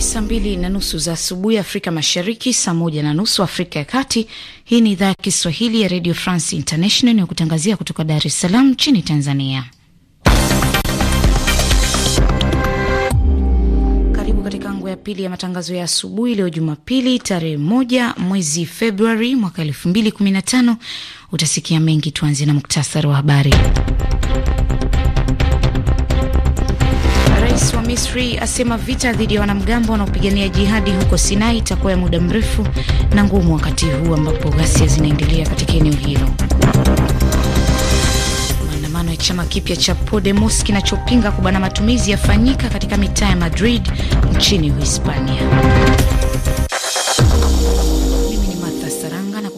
saa mbili na nusu za asubuhi Afrika Mashariki, saa moja na nusu Afrika ya Kati. Hii ni idhaa ya Kiswahili ya Radio France International na kutangazia kutoka Dar es Salaam nchini Tanzania. Karibu katika angu ya pili ya matangazo ya asubuhi leo Jumapili tarehe moja mwezi Februari mwaka elfu mbili kumi na tano. Utasikia mengi. Tuanzie na muktasari wa habari. Misri asema vita dhidi ya wanamgambo wanaopigania jihadi huko Sinai itakuwa ya muda mrefu na ngumu, wakati huu ambapo ghasia zinaendelea katika eneo hilo. Maandamano ya chama kipya cha Podemos kinachopinga kubana matumizi yafanyika katika mitaa ya Madrid nchini Uhispania.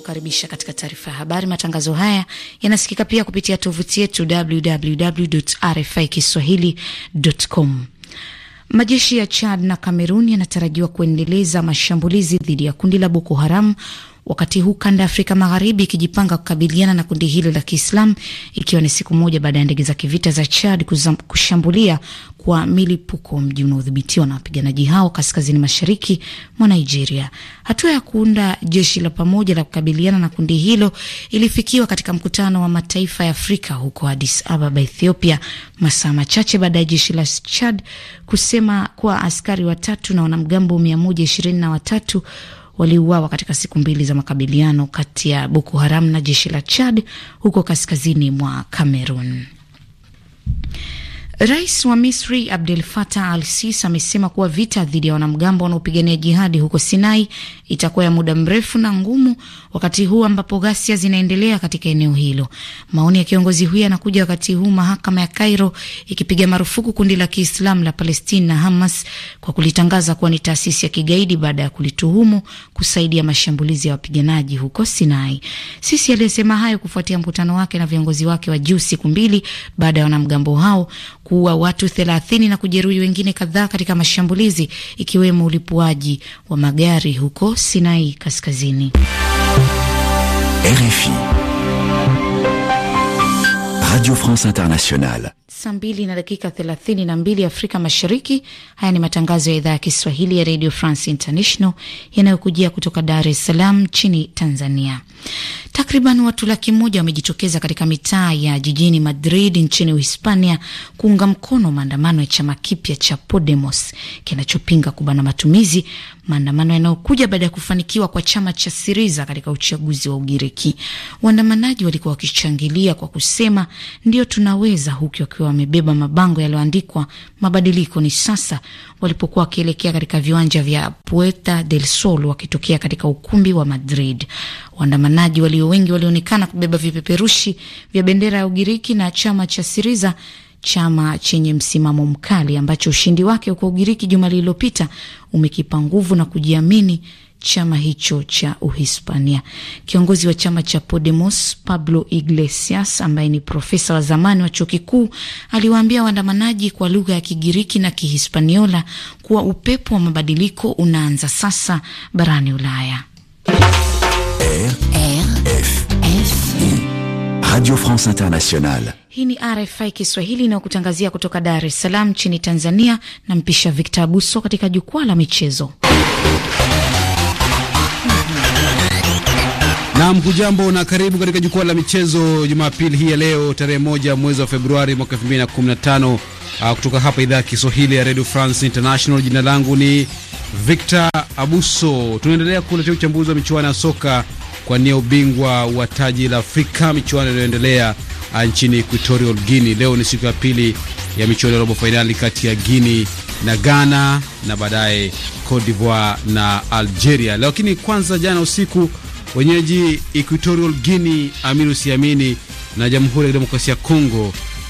Karibisha katika taarifa ya habari. Matangazo haya yanasikika pia kupitia tovuti yetu www.rfikiswahili.com. Majeshi ya Chad na Kamerun yanatarajiwa kuendeleza mashambulizi dhidi ya kundi la Boko Haram wakati huu kanda ya Afrika Magharibi ikijipanga kukabiliana na kundi hilo la Kiislamu, ikiwa ni siku moja baada ya ndege za kivita za Chad kuzam, kushambulia kwa milipuko mji unaodhibitiwa na wapiganaji hao kaskazini mashariki mwa Nigeria. Hatua ya kuunda jeshi la pamoja la kukabiliana na kundi hilo ilifikiwa katika mkutano wa mataifa ya Afrika huko Addis Ababa, Ethiopia, masaa machache baada ya jeshi la Chad kusema kuwa askari watatu na wanamgambo mia moja ishirini na watatu waliuawa katika siku mbili za makabiliano kati ya Boko Haram na jeshi la Chad huko kaskazini mwa Cameroon. Rais wa Misri Abdel Fattah Al Sisi amesema kuwa vita dhidi ya wanamgambo wanaopigania jihadi huko Sinai itakuwa ya muda mrefu na ngumu, wakati huu ambapo ghasia zinaendelea katika eneo hilo. Maoni ya kiongozi huyo yanakuja wakati huu mahakama ya Cairo ikipiga marufuku kundi la Kiislamu la Palestina na Hamas kwa kulitangaza kuwa ni taasisi ya kigaidi baada ya kulituhumu kusaidia mashambulizi ya wapiganaji huko Sinai. Sisi aliyesema hayo kufuatia mkutano wake na viongozi wake wa juu siku mbili baada ya wanamgambo hao kuua watu thelathini na kujeruhi wengine kadhaa katika mashambulizi ikiwemo ulipuaji wa magari huko Sinai Kaskazini. RFI. Radio France Internationale. Saa mbili na dakika thelathini na mbili Afrika Mashariki. Haya ni matangazo ya idhaa ya Kiswahili ya Radio France International yanayokujia kutoka Dar es Salaam nchini Tanzania. Takriban watu laki moja wamejitokeza katika mitaa ya jijini Madrid nchini Uhispania kuunga mkono maandamano ya chama kipya cha Podemos kinachopinga kubana matumizi maandamano yanayokuja baada ya kufanikiwa kwa chama cha Siriza katika uchaguzi wa Ugiriki. Waandamanaji walikuwa wakishangilia kwa kusema ndio tunaweza, huku wakiwa wamebeba mabango yaliyoandikwa mabadiliko ni sasa, walipokuwa wakielekea katika viwanja vya Puerta del Sol wakitokea katika ukumbi wa Madrid. Waandamanaji walio wengi walionekana kubeba vipeperushi vya bendera ya Ugiriki na chama cha Siriza chama chenye msimamo mkali ambacho ushindi wake uko Ugiriki juma lililopita umekipa nguvu na kujiamini chama hicho cha Uhispania. Kiongozi wa chama cha Podemos Pablo Iglesias, ambaye ni profesa wa zamani wa chuo kikuu, aliwaambia waandamanaji kwa lugha ya Kigiriki na Kihispaniola kuwa upepo wa mabadiliko unaanza sasa barani Ulaya. Eh? Eh? Radio France Internationale. Hii ni RFI Kiswahili inayokutangazia kutoka Dar es Salaam nchini Tanzania, na mpisha Victor Abuso katika jukwaa la michezo. Nam, hujambo na karibu katika jukwaa la michezo Jumapili hii ya leo tarehe moja mwezi wa Februari mwaka 2015 uh, ah, kutoka hapa idhaa ya Kiswahili ya Radio France International. Jina langu ni Victor Abuso. Tunaendelea kuletea uchambuzi wa michuano ya soka kuwania ubingwa wa taji la Afrika, michuano inayoendelea ah, nchini Equatorial Guinea. Leo ni siku ya pili ya michuano ya robo fainali kati ya Guinea na Ghana na baadaye Cote d'Ivoire na Algeria. Lakini kwanza, jana usiku wenyeji Equatorial Guinea, Amiru Siamini na Jamhuri ya Demokrasia ya Kongo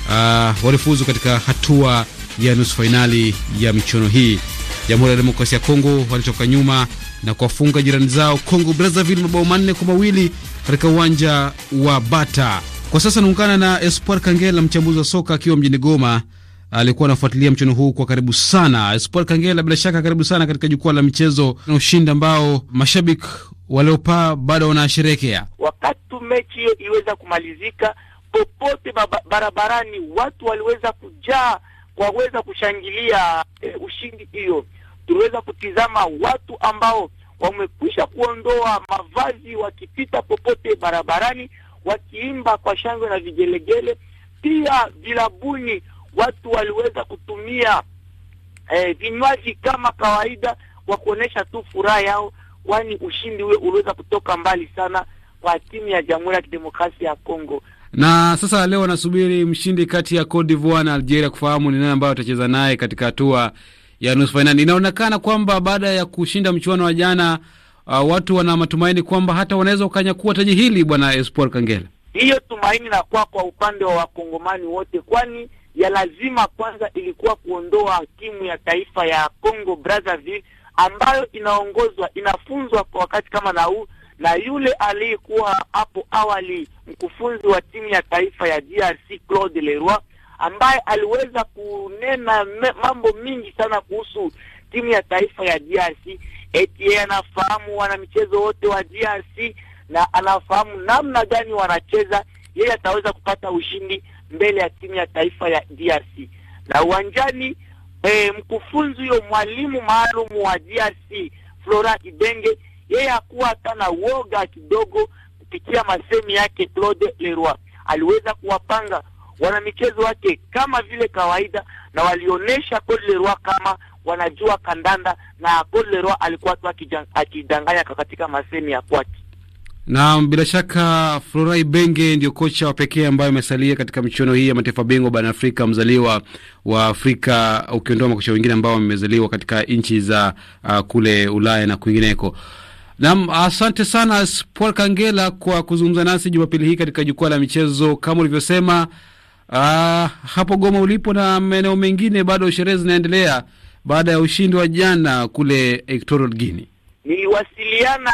uh, walifuzu katika hatua ya nusu fainali ya michuano hii. Jamhuri ya Demokrasia ya Kongo walitoka nyuma na kuwafunga jirani zao Congo Brazzaville mabao manne kwa mawili katika uwanja wa Bata. Kwa sasa naungana na Espoir Kangela, mchambuzi wa soka akiwa mjini Goma. Alikuwa anafuatilia mchuano huu kwa karibu sana. Espoir Kangela, bila shaka karibu sana katika jukwaa la michezo na ushindi ambao mashabiki waliopaa bado wanasherekea. Wakati mechi hiyo iweza kumalizika, popote barabarani watu waliweza kujaa kwaweza kushangilia e, ushindi hiyo tuliweza kutizama watu ambao wamekwisha kuondoa mavazi wakipita popote barabarani wakiimba kwa shangwe na vigelegele. Pia vilabuni watu waliweza kutumia eh, vinywaji kama kawaida kwa kuonyesha tu furaha yao, kwani ushindi ule uliweza kutoka mbali sana kwa timu ya Jamhuri ya Kidemokrasia ya Kongo. Na sasa leo wanasubiri mshindi kati ya Cote d'Ivoire na Algeria kufahamu ni nani ambayo watacheza naye katika hatua ya nusu fainali. Inaonekana kwamba baada ya kushinda mchuano wa jana, uh, watu wana matumaini kwamba hata wanaweza ukanyakua taji hili, bwana Espoir Kangela. Hiyo tumaini na kwa kwa upande wa wakongomani wote, kwani ya lazima kwanza ilikuwa kuondoa timu ya taifa ya Congo Brazzaville ambayo inaongozwa inafunzwa kwa wakati kama na huu na yule aliyekuwa hapo awali mkufunzi wa timu ya taifa ya DRC Claude Leroy ambaye aliweza kunena me, mambo mingi sana kuhusu timu ya taifa ya DRC. Eti yeye anafahamu wanamichezo wote wa DRC na anafahamu namna gani wanacheza, yeye ataweza kupata ushindi mbele ya timu ya taifa ya DRC na uwanjani. E, mkufunzi huyo mwalimu maalum wa DRC Flora Ibenge, yeye hakuwa hata na woga kidogo. Kupitia masemi yake, Claude Leroy aliweza kuwapanga wanamichezo wake kama vile kawaida, na walionyesha Code Leroy kama wanajua kandanda, na Code Leroy alikuwa tu akidanganya katika masemi ya kwake. Na bila shaka Florai Benge ndio kocha wa pekee ambaye amesalia katika michuano hii ya mataifa bingwa barani Afrika, mzaliwa wa Afrika, ukiondoa makocha wengine ambao wamezaliwa katika nchi za uh, kule Ulaya na kwingineko. Naam, asante sana Paul Kangela kwa kuzungumza nasi Jumapili hii katika jukwaa la michezo. Kama ulivyosema Ah, hapo Goma ulipo na maeneo mengine bado sherehe zinaendelea baada ya ushindi wa jana kule Equatorial Guinea. Niliwasiliana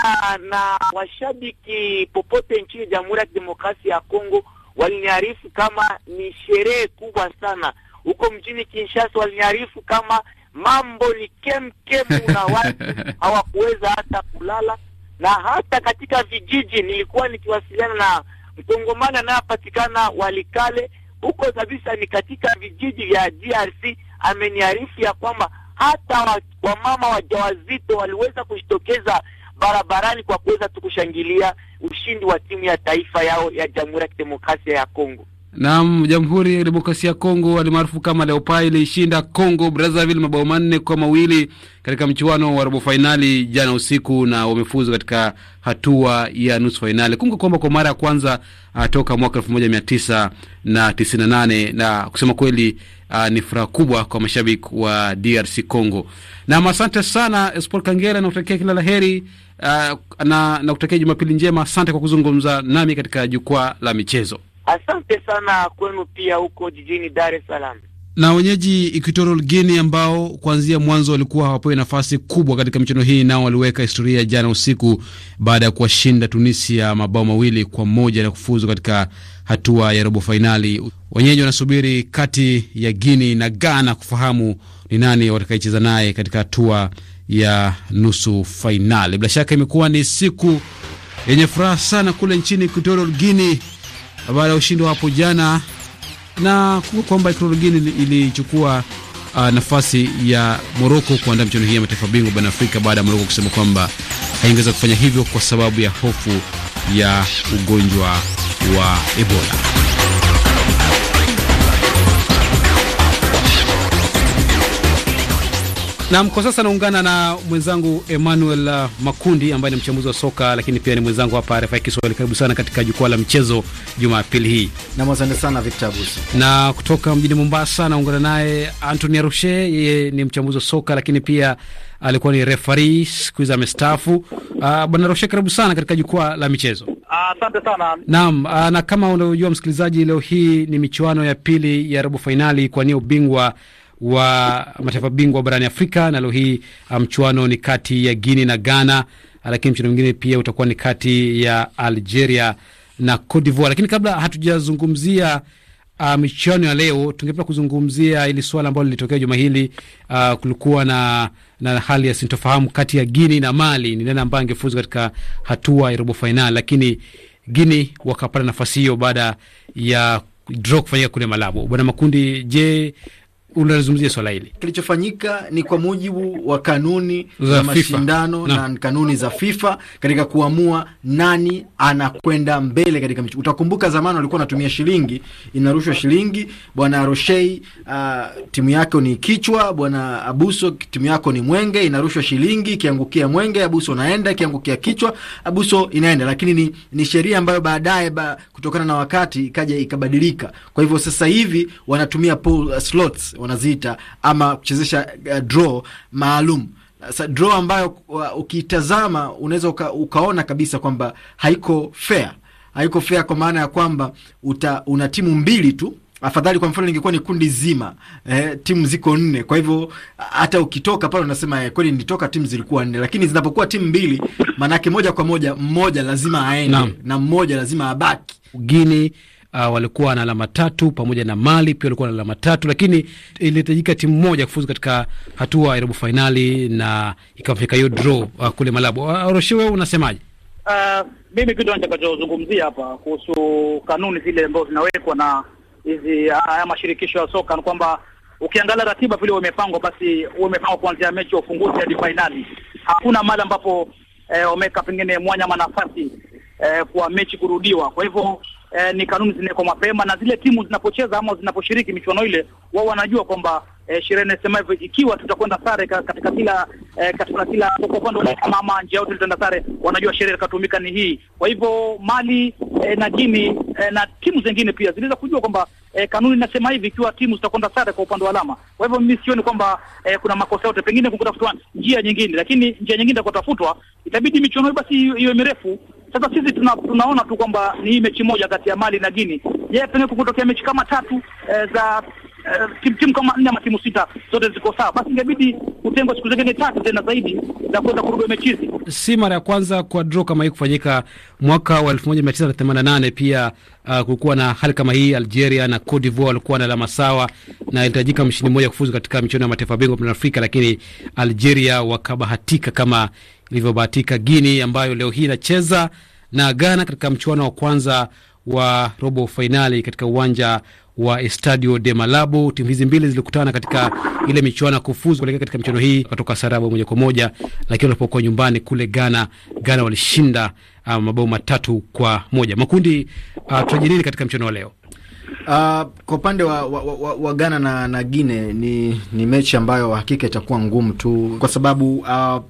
na washabiki popote nchini Jamhuri ya Kidemokrasia ya Kongo, waliniarifu kama ni sherehe kubwa sana huko mjini Kinshasa, waliniarifu kama mambo ni kemkemu na watu hawakuweza hata kulala, na hata katika vijiji nilikuwa nikiwasiliana na mkongomani anayepatikana Walikale huko kabisa ni katika vijiji vya DRC. Ameniarifu ya kwamba hata wamama wa wajawazito waliweza kujitokeza barabarani kwa kuweza tu kushangilia ushindi wa timu ya taifa yao ya Jamhuri ya Kidemokrasia ya Kongo. Naam, Jamhuri ya Kidemokrasia ya Kongo alimaarufu kama Leopai ilishinda Congo Brazzaville mabao manne kwa mawili katika mchuano wa robo fainali jana usiku, na wamefuzu katika hatua ya nusu fainali. Kumbuka kwamba kwa mara ya kwanza uh, toka mwaka elfu moja mia tisa na tisini na nane na kusema kweli uh, ni furaha kubwa kwa mashabiki wa DRC Congo. Nam, asante sana Sport Kangera, nakutakia kila la heri uh, na nakutakia Jumapili njema. Asante kwa kuzungumza nami katika jukwaa la michezo. Asante sana kwenu pia huko jijini Dar es Salaam. Na wenyeji Equatorial Guinea ambao kuanzia mwanzo walikuwa hawapewi nafasi kubwa katika michuano hii, nao waliweka historia jana usiku baada ya kuwashinda Tunisia mabao mawili kwa moja na kufuzu katika hatua ya robo fainali. Wenyeji wanasubiri kati ya Guinea na Ghana kufahamu ni nani watakayecheza naye katika hatua ya nusu fainali. Bila shaka imekuwa ni siku yenye furaha sana kule nchini Equatorial Guinea baada ya ushindi wa hapo jana, na kwamba Ecuador ilichukua uh, nafasi ya Moroko kuandaa michuano hii ya mataifa bingwa barani Afrika baada ya Moroko kusema kwamba haingeweza kufanya hivyo kwa sababu ya hofu ya ugonjwa wa Ebola. Nam, kwa sasa naungana na mwenzangu Emmanuel Makundi ambaye ni mchambuzi wa soka lakini pia ni mwenzangu hapa RFI Kiswahili. Karibu sana katika jukwaa la mchezo Jumapili hii. Na asante sana Victor Abuso. Na kutoka mjini Mombasa naungana naye Anthony Arushe, yeye ni mchambuzi wa soka lakini pia alikuwa ni referee siku hizi amestaafu. Ah, Bwana Arushe, karibu sana katika jukwaa la michezo. Asante uh, sana. Naam, uh, na kama unavyojua msikilizaji, leo hii ni michuano ya pili ya robo fainali kwa nia ubingwa wa mataifa bingwa barani Afrika. na leo hii uh, mchuano ni kati ya Guinea na Ghana, lakini mchuano mwingine pia utakuwa ni kati ya Algeria na Cote d'Ivoire. Lakini kabla hatujazungumzia uh, michuano ya leo, tungependa kuzungumzia ili swala ambalo lilitokea juma hili. Uh, kulikuwa na, na hali ya sintofahamu kati ya Guini na Mali, ni nani ambaye angefuzu katika hatua ya robo fainali, lakini Guini wakapata nafasi hiyo baada ya draw kufanyika kule Malabo. Bwana Makundi, je, unalizungumzia swala hili. Kilichofanyika ni kwa mujibu wa kanuni za mashindano na, na kanuni za FIFA katika kuamua nani anakwenda mbele katika michezo. Utakumbuka zamani walikuwa wanatumia shilingi, inarushwa shilingi, bwana Roshei uh, ah, timu yako ni kichwa, bwana Abuso timu yako ni mwenge, inarushwa shilingi, ikiangukia mwenge Abuso naenda, ikiangukia kichwa Abuso inaenda, lakini ni, ni sheria ambayo baadaye ba, kutokana na wakati ikaja ikabadilika. Kwa hivyo sasa hivi wanatumia pool, uh, slots wanaziita ama kuchezesha uh, draw maalum Sa, draw ambayo uh, unaweza uka, ukaona kabisa kwamba haiko fair, haiko fair kwa maana ya kwamba uta, una timu mbili tu afadhali kwa mfano ingekuwa ni kundi zima eh, timu ziko nne. Kwa hivyo hata ukitoka pale unasema eh, kweli nilitoka, timu zilikuwa nne, lakini zinapokuwa timu mbili, maanake moja kwa moja mmoja lazima aende na, na mmoja lazima abaki. ugini uh, walikuwa na alama tatu pamoja na Mali pia walikuwa na alama tatu, lakini ilihitajika timu moja kufuzu katika hatua ya robo fainali na ikamfika hiyo draw uh, kule Malabo. Uh, wewe unasemaje? Uh, mimi kitu nitakachozungumzia hapa kuhusu kanuni zile ambazo zinawekwa na hizi haya mashirikisho ya soka ni kwamba ukiangalia ratiba vile wamepangwa, basi wamepangwa kuanzia mechi ya ufunguzi hadi fainali. Hakuna mahali ambapo eh, wameweka eh, pengine mwanya nafasi eh, kwa mechi kurudiwa. Kwa hivyo eh, ni kanuni zinawekwa mapema na zile timu zinapocheza ama zinaposhiriki michuano ile, wao wanajua kwamba eh, sherehe inasema hivyo, ikiwa tutakwenda sare katika kila eh, katika kila kwa upande wa kama ama nje au tutaenda sare, wanajua sherehe ikatumika ni hii. Kwa hivyo Mali eh, na Gini eh, na timu zingine pia zinaweza kujua kwamba eh, kanuni inasema hivi, ikiwa timu zitakwenda sare kwa upande wa alama. Kwa hivyo mimi sioni kwamba eh, kuna makosa yote, pengine kukutafutwa njia nyingine, lakini njia nyingine itakotafutwa itabidi michuano basi iwe mirefu sasa sisi tuna, tunaona tu kwamba ni hii mechi moja kati ya Mali na Guinea. Yeye pengine kukutokea mechi kama tatu e, za uh, eh, timu timu kama nne ama timu sita zote ziko sawa, basi ingebidi utengwe siku zingine tatu tena zaidi za kuweza kurudia mechi hizi. Si mara ya kwanza kwa draw kama hii kufanyika. Mwaka wa 1988 pia uh, kulikuwa na hali kama hii, Algeria na Cote d'Ivoire walikuwa na alama sawa na ilitajika mshindi mmoja kufuzu katika michuano ya mataifa bingwa barani Afrika, lakini Algeria wakabahatika kama ilivyobahatika Guinea ambayo leo hii inacheza na Ghana katika mchuano wa kwanza wa robo fainali katika uwanja wa Estadio de Malabo. Timu hizi mbili zilikutana katika ile michuano ya kufuzu kuelekea katika michuano hii, kutoka sarabu moja kwa moja, lakini walipokuwa nyumbani kule Ghana, Ghana walishinda uh, mabao matatu kwa moja. Makundi uh, tutarajia nini katika mchuano wa leo? Uh, kwa upande wa, wa, wa, wa Ghana na, na Gine ni, ni mechi ambayo hakika itakuwa ngumu tu kwa sababu uh, uh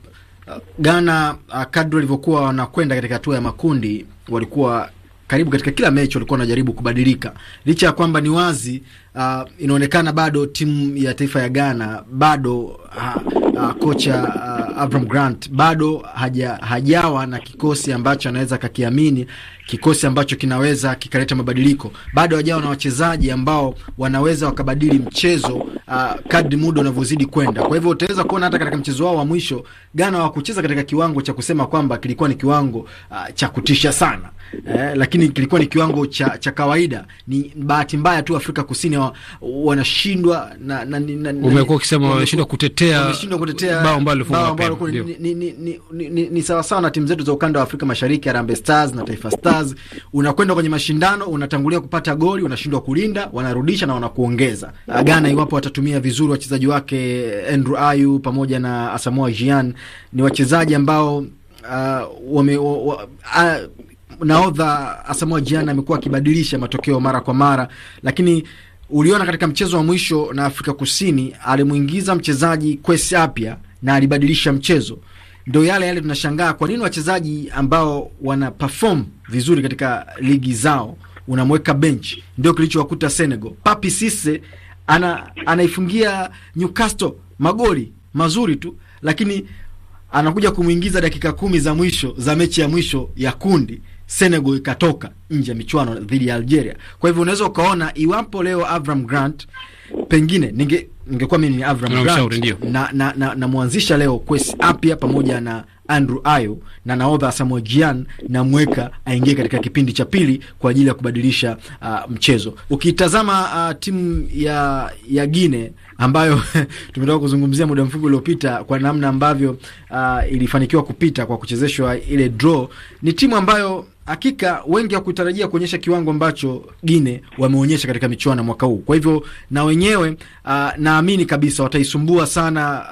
Ghana uh, kadri walivyokuwa wanakwenda katika hatua ya makundi walikuwa karibu katika kila mechi walikuwa wanajaribu kubadilika, licha ya kwamba ni wazi uh, inaonekana bado timu ya taifa ya Ghana bado uh, uh, kocha uh, Avram Grant bado haja, hajawa na kikosi ambacho anaweza akakiamini, kikosi ambacho kinaweza kikaleta mabadiliko. Bado hajawa na wachezaji ambao wanaweza wakabadili mchezo uh, kadri muda unavyozidi kwenda. Kwa hivyo utaweza kuona hata katika mchezo wao wa mwisho Ghana hawakucheza katika kiwango cha kusema kwamba kilikuwa ni kiwango uh, cha kutisha sana eh, lakini kilikuwa ni kiwango cha, cha kawaida. Ni bahati mbaya tu Afrika Kusini wanashindwa na, na, na, na, umekuwa ukisema wanashindwa kutetea bao ambalo ni sawasawa na timu zetu za ukanda wa Afrika Mashariki, Harambee Stars na Taifa Stars. Unakwenda kwenye mashindano, unatangulia kupata goli, unashindwa kulinda, wanarudisha na wanakuongeza. Ghana, iwapo watatumia vizuri wachezaji wake Andrew Ayu pamoja na Asamoah Gyan, ni wachezaji ambao Uh, wame, wa, wa, uh, nahodha Asamoah Gyan amekuwa akibadilisha matokeo mara kwa mara, lakini uliona katika mchezo wa mwisho na Afrika Kusini alimuingiza mchezaji Kwesi Appiah na alibadilisha mchezo. Ndo yale yale tunashangaa kwa nini wachezaji ambao wana perform vizuri katika ligi zao unamweka bench. Ndio kilichowakuta Senegal. Papi Sise ana, anaifungia Newcastle magoli mazuri tu, lakini anakuja kumwingiza dakika kumi za mwisho za mechi ya mwisho ya kundi Senegal ikatoka nje ya michuano dhidi ya Algeria. Kwa hivyo unaweza ukaona iwapo leo Avram Grant pengine ninge ningekuwa mimi ni Avram no, Grant na na, na, na mwanzisha leo Kwesi Apia pamoja na Andrew Ayo na naodha Samuel Gyan na mweka aingie katika kipindi cha pili kwa ajili ya kubadilisha uh, mchezo. Ukitazama uh, timu ya ya Gine ambayo tumetoka kuzungumzia muda mfupi uliopita kwa namna ambavyo uh, ilifanikiwa kupita kwa kuchezeshwa ile draw, ni timu ambayo hakika wengi wakutarajia kuonyesha kiwango ambacho Gine wameonyesha katika michuano ya mwaka huu. Kwa hivyo na wenyewe uh, naamini kabisa wataisumbua sana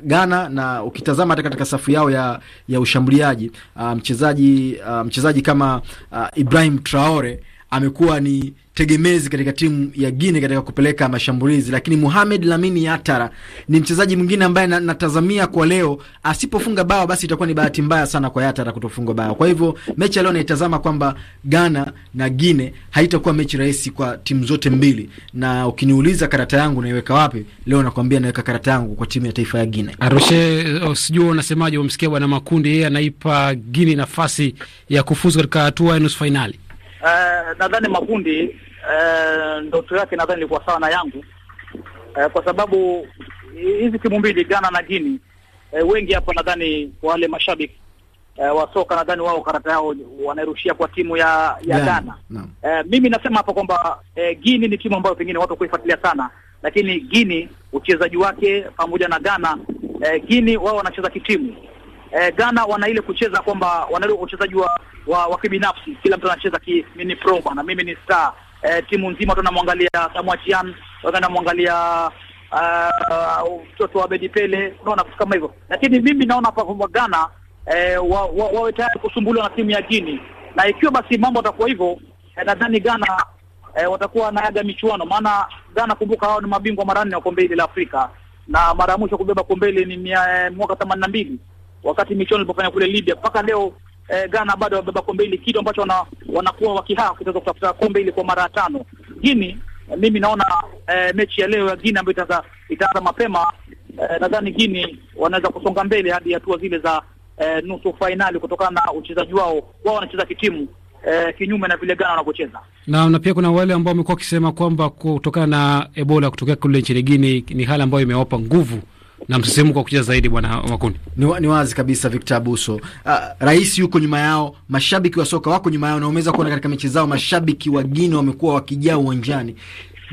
uh, Ghana, na ukitazama hata katika safu yao ya, ya ushambuliaji uh, mchezaji uh, mchezaji kama uh, Ibrahim Traore amekuwa ni tegemezi katika timu ya Guinea katika kupeleka mashambulizi, lakini Mohamed Lamine Yatara ni mchezaji mwingine ambaye natazamia kwa leo asipofunga bao basi itakuwa ni bahati mbaya sana kwa Yatara kutofunga bao. Kwa hivyo mechi leo naitazama kwamba Ghana na Guinea haitakuwa mechi rahisi kwa timu zote mbili, na ukiniuliza karata yangu naiweka wapi leo, nakwambia naweka karata yangu kwa timu ya taifa ya Guinea. Arushe, oh, sijui unasemaje, umsikia bwana Makundi, yeye anaipa Guinea nafasi ya kufuzu katika hatua ya nusu fainali. Eh, nadhani makundi eh, ndoto yake nadhani ilikuwa sawa na yangu uh, kwa sababu hizi timu mbili Ghana na Gini uh, wengi hapa nadhani wale mashabiki uh, wa soka nadhani wao karata yao wanairushia kwa timu ya ya Ghana yeah. no. uh, mimi nasema hapa kwamba uh, Gini ni timu ambayo pengine watu kuifuatilia sana, lakini Gini uchezaji wake pamoja na Ghana uh, Gini wao wanacheza kitimu uh, Ghana wana ile kucheza kwamba wana uchezaji wa wa, wa kibinafsi. Kila mtu anacheza ki mini pro bwana, mimi ni star e, timu nzima tu namwangalia Samuachian, watu namwangalia eh, mtoto uh, wa Bedi Pele, unaona kitu kama hivyo. Lakini mimi naona hapa kwa Ghana e, eh, wawe wa, wa tayari kusumbuliwa na timu ya Gini, na ikiwa basi mambo yatakuwa hivyo e, nadhani Ghana e, watakuwa na wanaaga michuano, maana Ghana, kumbuka, hao ni mabingwa mara nne wa kombe hili la Afrika na mara ya mwisho kubeba kombe hili ni mwaka themanini na mbili wakati michuano ilipofanya kule Libya. Mpaka leo eh, Ghana bado wabeba kombe hili, kitu ambacho wana, wanakuwa wakihaa kitaweza kutafuta kombe hili kwa mara ya tano. Gini mimi naona eh, mechi ya leo ya Gini ambayo itaanza itaanza mapema eh, nadhani Gini wanaweza kusonga mbele hadi hatua zile za eh, nusu fainali kutokana na uchezaji wao, wao wanacheza kitimu eh, kinyume na vile Ghana wanapocheza na, na pia kuna wale ambao wamekuwa wakisema kwamba kutokana na Ebola kutokea kule nchini Gini ni hali ambayo imewapa nguvu na msisimko wa kucheza zaidi, bwana Makundi. Ni, wa, ni wazi kabisa Victor Abuso. Uh, rais yuko nyuma yao, mashabiki wa soka wako nyuma yao, na umeweza kuona katika mechi zao mashabiki wa Gino wamekuwa wakijaa uwanjani.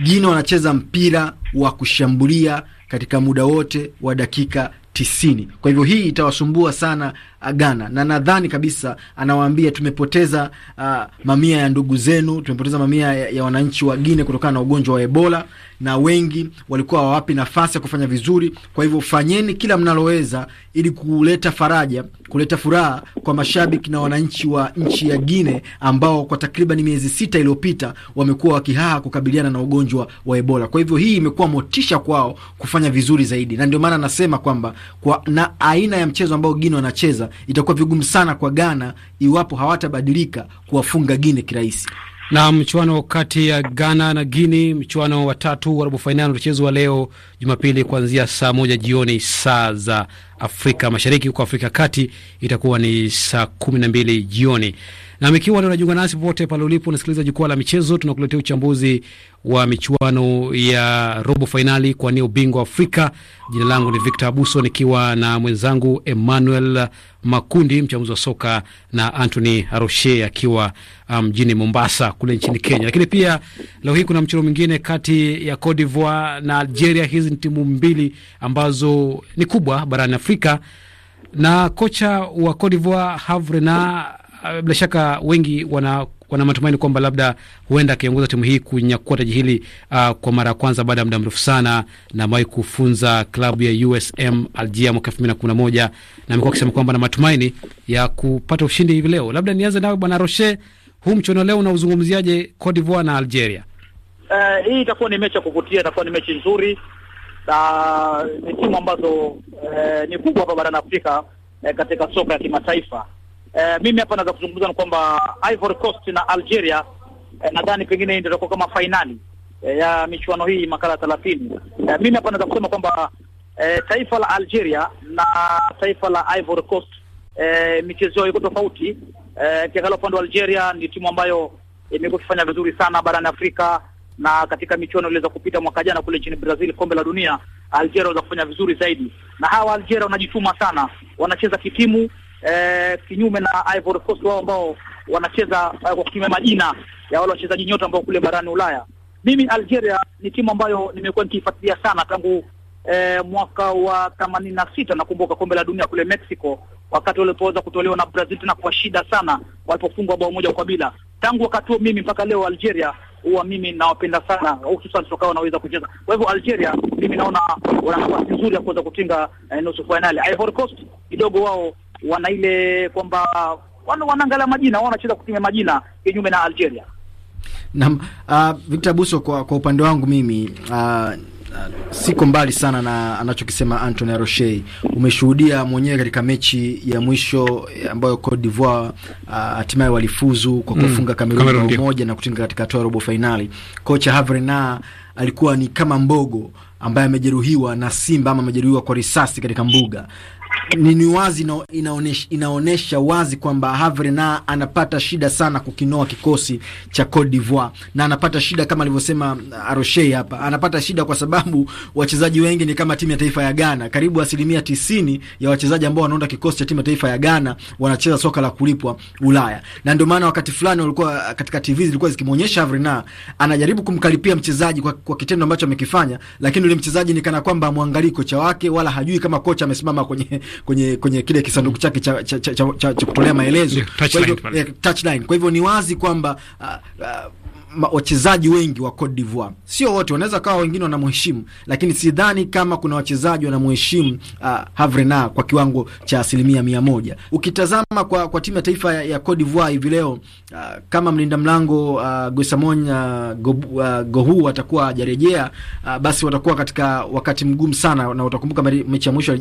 Gino wanacheza mpira wa kushambulia katika muda wote wa dakika tisini. Kwa hivyo hii itawasumbua sana Ghana, na nadhani kabisa anawaambia tumepoteza uh, mamia ya ndugu zenu, tumepoteza mamia ya, ya wananchi wa gine kutokana na ugonjwa wa Ebola, na wengi walikuwa wawapi nafasi ya kufanya vizuri. Kwa hivyo fanyeni kila mnaloweza ili kuleta faraja, kuleta furaha kwa mashabiki na wananchi wa nchi ya gine ambao kwa takriban miezi sita iliyopita wamekuwa wakihaha kukabiliana na ugonjwa wa Ebola. Kwa hivyo hii imekuwa motisha kwao kufanya vizuri zaidi, na ndio maana nasema kwamba kwa na aina ya mchezo ambao Gine wanacheza itakuwa vigumu sana kwa Ghana iwapo hawatabadilika kuwafunga Gine kirahisi. Na mchuano kati ya Ghana na Guini, mchuano wa tatu wa robo fainali utachezwa leo Jumapili kuanzia saa moja jioni saa za Afrika Mashariki, huko Afrika Kati itakuwa ni saa kumi na mbili jioni. Na mikiwa ndio unajiunga nasi popote pale ulipo unasikiliza jukwaa la michezo, tunakuletea uchambuzi wa michuano ya robo fainali kwa nia ubingwa Afrika. Jina langu ni Victor Abuso nikiwa na mwenzangu Emmanuel Makundi, mchambuzi wa soka na Anthony Aroshe akiwa um, mjini um, Mombasa kule nchini Kenya. Lakini pia leo hii kuna mchezo mwingine kati ya Cote d'Ivoire na Algeria. Hizi ni timu mbili ambazo ni kubwa barani Afrika. Afrika na kocha wa Cote d'Ivoire Havre na eh, bila shaka wengi wana wana matumaini kwamba labda huenda akiongoza timu hii kunyakua taji hili uh, kwa mara ya kwanza baada ya muda mrefu sana, na amewahi kufunza klabu ya USM Algeria mwaka elfu mbili na kumi na moja na amekuwa akisema kwamba na matumaini ya kupata ushindi hivi leo. Labda nianze nawe Bwana Roche, huu mchuano leo unauzungumziaje Cote d'Ivoire na Algeria? Uh, hii itakuwa ni mechi ya kuvutia, itakuwa ni mechi nzuri na ni timu ambazo eh, ni kubwa hapa barani Afrika eh, katika soka ya kimataifa. Eh, mimi hapa naweza kuzungumza ni kwamba Ivory Coast na Algeria eh, nadhani pengine ndio itakuwa kama fainali eh, ya michuano hii makala thelathini. Eh, mimi hapa naweza kusema kwamba eh, taifa la Algeria na taifa la Ivory Coast eh, michezo yao iko tofauti. Eh, kiangalia upande wa Algeria ni timu ambayo imekuwa ikifanya vizuri sana barani Afrika na katika michuano iliweza kupita mwaka jana kule nchini Brazil, kombe la dunia, Algeria waweza kufanya vizuri zaidi, na hawa Algeria wanajituma sana, wanacheza kitimu eh, kinyume na Ivory Coast wao ambao wanacheza eh, kwa kutumia majina ya wale wachezaji nyota ambao kule barani Ulaya. Mimi Algeria ni timu ambayo nimekuwa nikiifuatilia sana tangu eh, mwaka wa themanini na sita nakumbuka kombe la dunia kule Mexico, wakati walipoweza kutolewa na Brazil tena kwa shida sana, walipofungwa bao moja kwa bila. Tangu wakati huo mimi mpaka leo Algeria huwa mimi nawapenda sana, hususan soka wanaweza kucheza. Kwa hivyo Algeria, mimi naona wana nafasi nzuri ya kuweza kutinga eh, nusu fainali. Ivory Coast kidogo wao wana ile kwamba wanaangalia majina, wao wanacheza kutumia majina kinyume na Algeria. Naam, uh, Victor Buso, kwa, kwa upande wangu mimi uh, siko mbali sana na anachokisema antony Roche. Umeshuhudia mwenyewe katika mechi ya mwisho ambayo Cote d'Ivoire ah, hatimaye uh, walifuzu kwa mm. kufunga mm, Kamerun bao moja na kutinga katika hatua robo fainali. Kocha Havre na alikuwa ni kama mbogo ambaye amejeruhiwa na simba ama amejeruhiwa kwa risasi katika mbuga ni ni wazi ina, inaonesha, inaonesha wazi kwamba Havre na anapata shida sana kukinoa kikosi cha Cote d'Ivoire, na anapata shida kama alivyosema Aroshei uh, hapa, anapata shida kwa sababu wachezaji wengi ni kama timu ya taifa ya Ghana. Karibu asilimia tisini ya wachezaji ambao wanaunda kikosi cha timu ya taifa ya Ghana wanacheza soka la kulipwa Ulaya, na ndio maana wakati fulani walikuwa uh, katika TV zilikuwa zikimwonyesha Havre na anajaribu kumkalipia mchezaji kwa, kwa kitendo ambacho amekifanya, lakini yule mchezaji ni kana kwamba amwangalii kocha wake wala hajui kama kocha amesimama kwenye kwenye kwenye kile kisanduku chake cha, cha, cha, cha, kutolea maelezo kwa hivyo, eh, touchline. Kwa hivyo ni wazi kwamba uh, uh, wachezaji wengi wa Cote d'Ivoire, sio wote, wanaweza kawa wengine wanamheshimu, lakini sidhani kama kuna wachezaji wanamheshimu uh, Havrena kwa kiwango cha asilimia mia moja. Ukitazama kwa, kwa timu ya taifa ya, ya Cote d'Ivoire hivi leo uh, kama mlinda mlango uh, Gosamon uh, go, uh, Gohu atakuwa ajarejea uh, basi watakuwa katika wakati mgumu sana, na utakumbuka mechi ya mwisho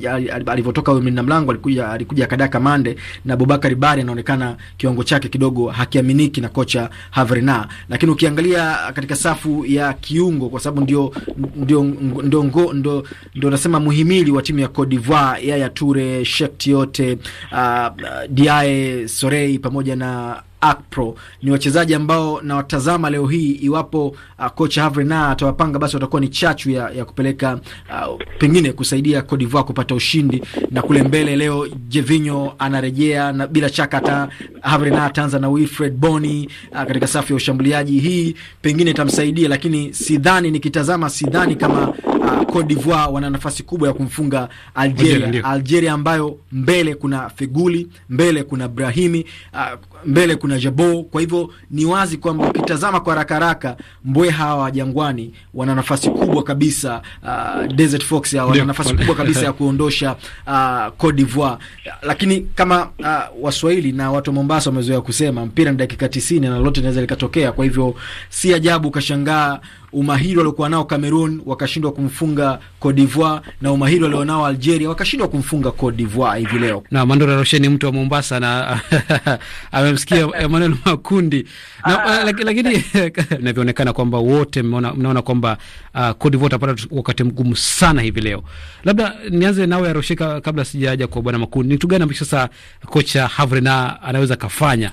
alivyotoka huyo mlinda mlango alikuja, alikuja Kadaka Mande na Bobakari Bari, anaonekana kiwango chake kidogo hakiaminiki na kocha Havrena, lakini ukiangalia katika safu ya kiungo, kwa sababu ndio ndio ndio ndio, ndio, ndio nasema muhimili wa timu ya Cote d'Ivoire, Yaya Toure, Cheikh Tiote, uh, Diaye Sorey pamoja na Akpro ni wachezaji ambao nawatazama leo hii. Iwapo uh, kocha Herve Renard atawapanga, basi watakuwa ni chachu ya, ya kupeleka uh, pengine kusaidia Cote d'Ivoire kupata ushindi na kule mbele. Leo Jevinho anarejea na bila shaka hata Herve Renard ataanza na Wilfred Bony uh, katika safu ya ushambuliaji. Hii pengine itamsaidia, lakini sidhani, nikitazama sidhani kama uh, Cote d'Ivoire wana nafasi kubwa ya kumfunga Algeria. Algeria ambayo mbele kuna Feguli, mbele kuna Brahimi uh, mbele kuna Jabo. Kwa hivyo ni wazi kwamba ukitazama kwa haraka haraka, mbweha hawa Jangwani wana nafasi kubwa kabisa uh, Desert Fox hawa wana nafasi kubwa kabisa ya kuondosha uh, Cote d'Ivoire, lakini kama uh, Waswahili na watu wa Mombasa wamezoea kusema mpira ni dakika 90 na lolote linaweza likatokea. Kwa hivyo si ajabu ukashangaa umahiri waliokuwa nao Cameroon wakashindwa kumfunga Cote d'Ivoire na umahiri walionao Algeria wakashindwa kumfunga Cote d'Ivoire hivi leo. Na Mandora Roshe ni mtu wa Mombasa na amemsikia Emmanuel Makundi na, ah. eh, lakini inavyoonekana kwamba wote mnaona kwamba uh, Cote d'Ivoire watapata wakati mgumu sana hivi leo. Labda nianze nawe Roshe kabla sijaja kwa bwana Makundi, ni kitu gani ambacho sasa kocha Havrena anaweza kafanya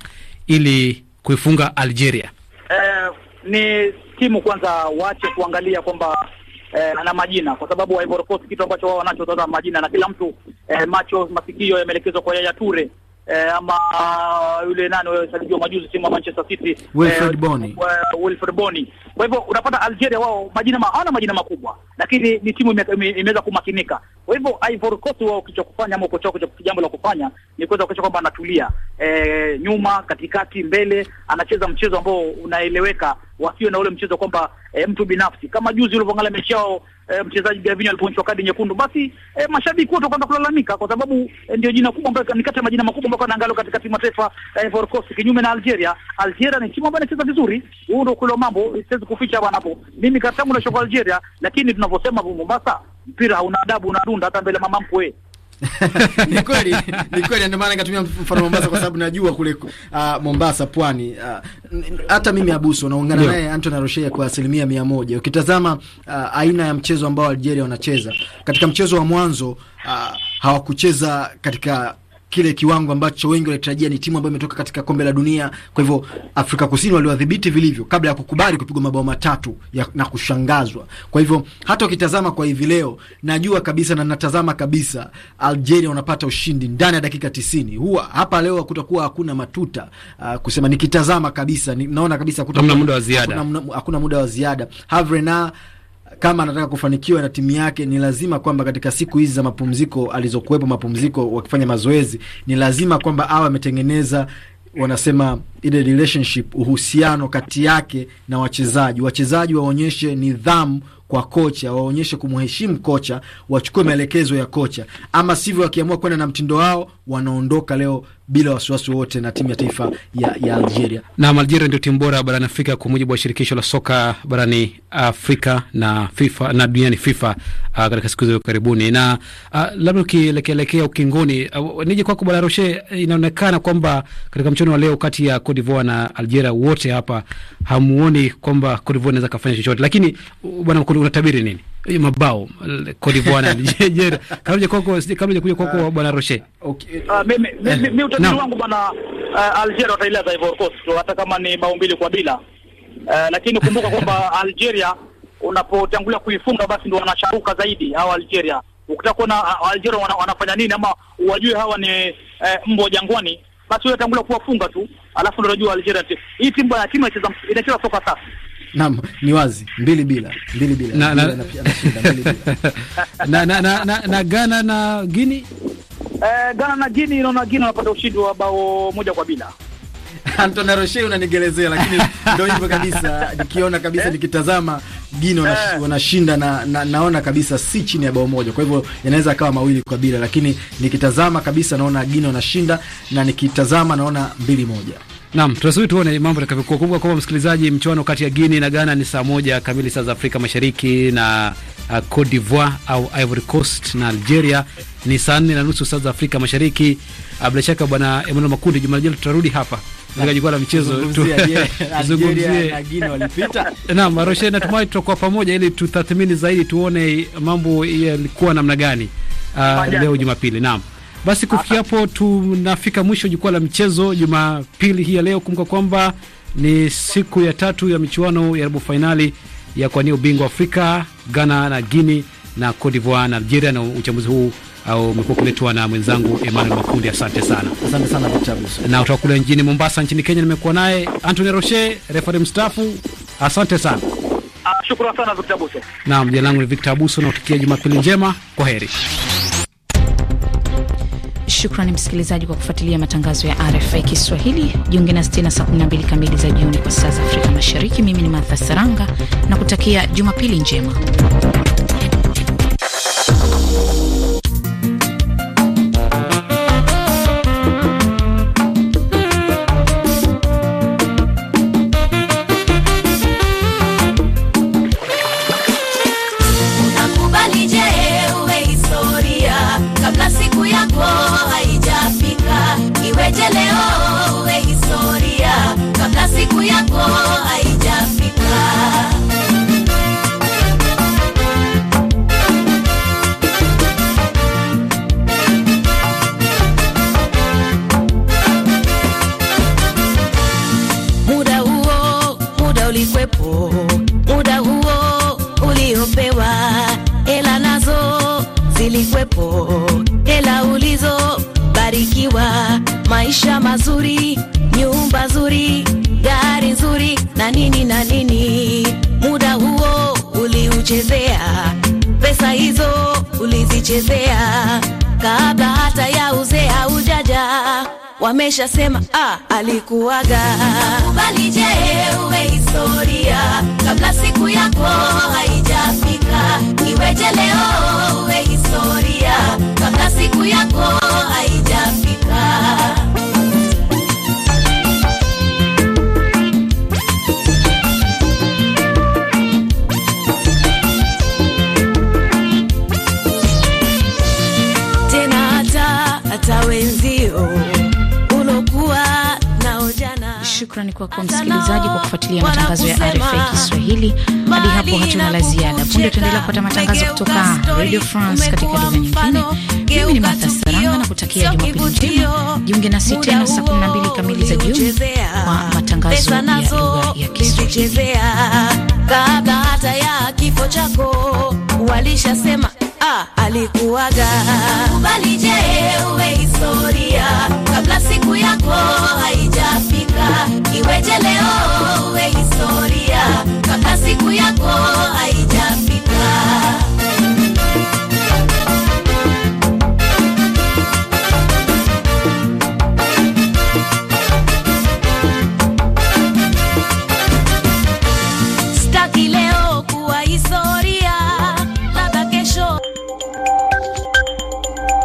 ili kuifunga Algeria? Uh, ni timu kwanza waache kuangalia kwamba eh, na majina, kwa sababu Ivory Coast kitu ambacho wao wanacho sasa majina, na kila mtu eh, macho masikio yameelekezwa kwa Yaya Toure eh, ama uh, yule nani Sadio majuzi timu ya Manchester City eh, Wilfred eh, Bony uh, Wilfred Bony. Kwa hivyo unapata Algeria wao majina hawana majina makubwa, lakini ni timu imeweza kumakinika. Kwa hivyo Ivory Coast wao kicho kufanya ama kocha wao jambo la kufanya ni kuweza kuacha kwamba anatulia eh, nyuma, katikati, mbele, anacheza mchezo ambao unaeleweka wasiwe na ule mchezo kwamba e, mtu binafsi kama juzi ulivyoangalia mechi yao e, mchezaji Gavinho aliponchwa kadi nyekundu, basi e, mashabiki wote wakaanza kulalamika kwa sababu e, ndio jina kubwa ambayo ni kati ya majina makubwa ambayo anaangalia katika timu ya taifa e, Ivory Coast, kinyume na Algeria. Algeria ni timu ambayo inacheza vizuri, huo ndio kule mambo, siwezi kuficha bwana hapo. Mimi katangu na shoko Algeria, lakini tunavyosema Mombasa, mpira hauna adabu, unadunda hata mbele mama mkwe. ni kweli, ni kweli, ndio maana nikatumia mfano Mombasa kwa sababu najua kule uh, Mombasa pwani uh, hata uh, mimi Abuso naungana naye Anton Aroshe kwa asilimia mia moja. Ukitazama uh, aina ya mchezo ambao Algeria wanacheza katika mchezo wa mwanzo uh, hawakucheza katika kile kiwango ambacho wengi walitarajia. Ni timu ambayo imetoka katika kombe la dunia, kwa hivyo Afrika Kusini waliwadhibiti vilivyo kabla ya kukubali kupigwa mabao matatu ya, na kushangazwa. Kwa hivyo hata ukitazama kwa hivi leo, najua kabisa na natazama kabisa Algeria wanapata ushindi ndani ya dakika tisini. Huwa hapa leo hakutakuwa hakuna matuta uh, kusema nikitazama kabisa ni, naona kabisa hakuna muda wa ziada, hakuna muda wa ziada Havrena kama anataka kufanikiwa na timu yake ni lazima kwamba katika siku hizi za mapumziko alizokuwepo, mapumziko wakifanya mazoezi, ni lazima kwamba awe ametengeneza wanasema ile relationship, uhusiano kati yake na wachezaji. Wachezaji waonyeshe nidhamu kwa kocha, waonyeshe kumheshimu kocha, wachukue maelekezo ya kocha, ama sivyo wakiamua kwenda na mtindo wao wanaondoka leo bila wasiwasi wowote na timu ya taifa ya, ya Algeria. Nam, Algeria ndio timu bora barani Afrika kwa mujibu wa shirikisho la soka barani Afrika na FIFA na duniani FIFA uh, katika siku za karibuni. Na uh, labda ukielekeelekea ukingoni, uh, nije kwako Bwana Roche, inaonekana kwamba katika mchuano wa leo kati ya Cote d'Ivoire na Algeria, wote hapa hamuoni kwamba Cote d'Ivoire inaweza kafanya chochote, lakini bwana unatabiri nini? Hiyo mabao Kodivwana Nigeria kabla koko kama kabla kuja koko kwako ah. bwana Roche. Okay. Uh, mimi mimi eh, mi, utabiri wangu bwana uh, Algeria watailaza Ivory Coast hata kama ni bao mbili kwa bila. Uh, lakini kumbuka kwamba Algeria unapotangulia kuifunga basi ndio wanasharuka zaidi hawa Algeria. Ukitaka kuona ah, Algeria wana, wanafanya nini ama wajue hawa ni eh, mbwa jangwani basi unatangulia kuwafunga tu, alafu ndio unajua Algeria hii timu ya timu inacheza inacheza soka safi. Naam, ni wazi mbili bila mbili bila na, bila, na, na, na, na, na, na Ghana na Gini eh, Ghana na Gini inaona Guinea wanapata ushindi wa bao moja kwa bila. Antonio Roche unanigelezea, lakini ndio hivyo kabisa, nikiona kabisa eh? nikitazama Gino eh, wanashinda na, na naona kabisa si chini ya bao moja. Kwa hivyo inaweza akawa mawili kwa bila, lakini nikitazama kabisa naona Gino wanashinda na nikitazama naona mbili moja. Naam, tunasubiri tuone mambo yatakavyokuwa. Kumbuka kwamba msikilizaji, mchuano kati ya Guinea na Ghana ni saa moja kamili saa za Afrika Mashariki, na uh, Cote d'Ivoire au Ivory Coast na Algeria ni saa nne na nusu saa za Afrika Mashariki. Uh, bila shaka Bwana Emmanuel Makundi, juma lijalo tutarudi hapa katika jukwaa la michezo tuzungumzie. Naam, Roshe, natumai tutakuwa pamoja ili tutathmini zaidi, tuone mambo yalikuwa namna gani uh, leo Jumapili. Naam. Basi kufikia hapo tunafika mwisho jukwaa la michezo Jumapili hii ya leo. Kumbuka kwamba ni siku ya tatu ya michuano ya robo fainali ya kuwania ubingwa Afrika, Ghana na Guini na Cote d'Ivoire na Algeria. na uchambuzi huu au uh, umekuwa kuletwa na mwenzangu Emmanuel Makundi. Asante sana, asante sana na utoka kule mjini Mombasa nchini Kenya. Nimekuwa naye Anthony Roche, refari mstaafu. Asante sana. Ah, Shukrani sana Victor Abuso. Naam, jina langu ni Victor Abuso na utikia Jumapili njema, kwa heri. Shukrani msikilizaji kwa kufuatilia matangazo ya RFI Kiswahili. Jiunge nasi tena saa 12 kamili za jioni kwa saa za Afrika Mashariki. Mimi ni Martha Saranga na kutakia Jumapili njema. ulikuwepo muda huo uliopewa, hela nazo zilikwepo hela ulizobarikiwa, maisha mazuri, nyumba nzuri, gari nzuri na nini na nini, muda huo uliuchezea, pesa hizo ulizichezea, kabla hata ya uzee ujaja wameshasema ah, alikuwaga kubali. Je, uwe historia kabla siku yako haijafika? Iweje leo uwe historia kabla siku yako haijafika? Shukrani kwako msikilizaji kwa kufuatilia matangazo ya RFA Kiswahili. Hadi hapo hatuna la ziada. Punde tuendelea kupata matangazo kutoka Radio France katika lugha nyingine. Mimi ni Martha Saranga na kutakia Jumapili njema. Jiunge nasi tena saa 12 kamili za jioni kwa matangazo ya lugha ya Kiswahili. Kabla hata ya kifo chako walishasema ah, alikuwaga kubali, je, uwe historia kabla siku yako haijafika? Iweje leo uwe historia kabla siku yako haijafika?